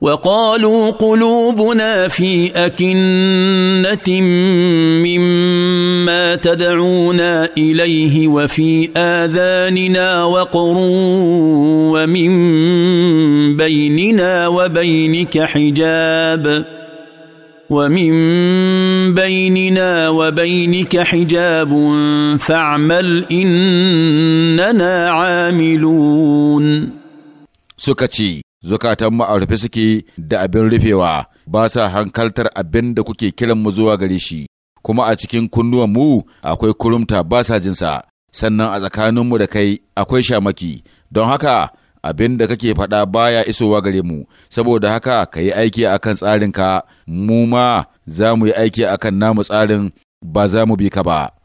وقالوا قلوبنا في أكنة مما تدعونا إليه وفي آذاننا وقر ومن بيننا وبينك حجاب ومن بيننا وبينك حجاب فاعمل إننا عاملون سكتي zukatan mu a rufe suke da abin rufewa ba sa hankaltar abin da kuke kiran mu zuwa gare shi kuma a cikin kunnuwan mu akwai kurumta ba sa jinsa sannan a tsakanin mu da kai akwai shamaki don haka abin da kake faɗa baya isowa gare mu saboda haka ka yi aiki akan tsarin ka mu ma za mu yi aiki akan namu tsarin ba za mu bi ka ba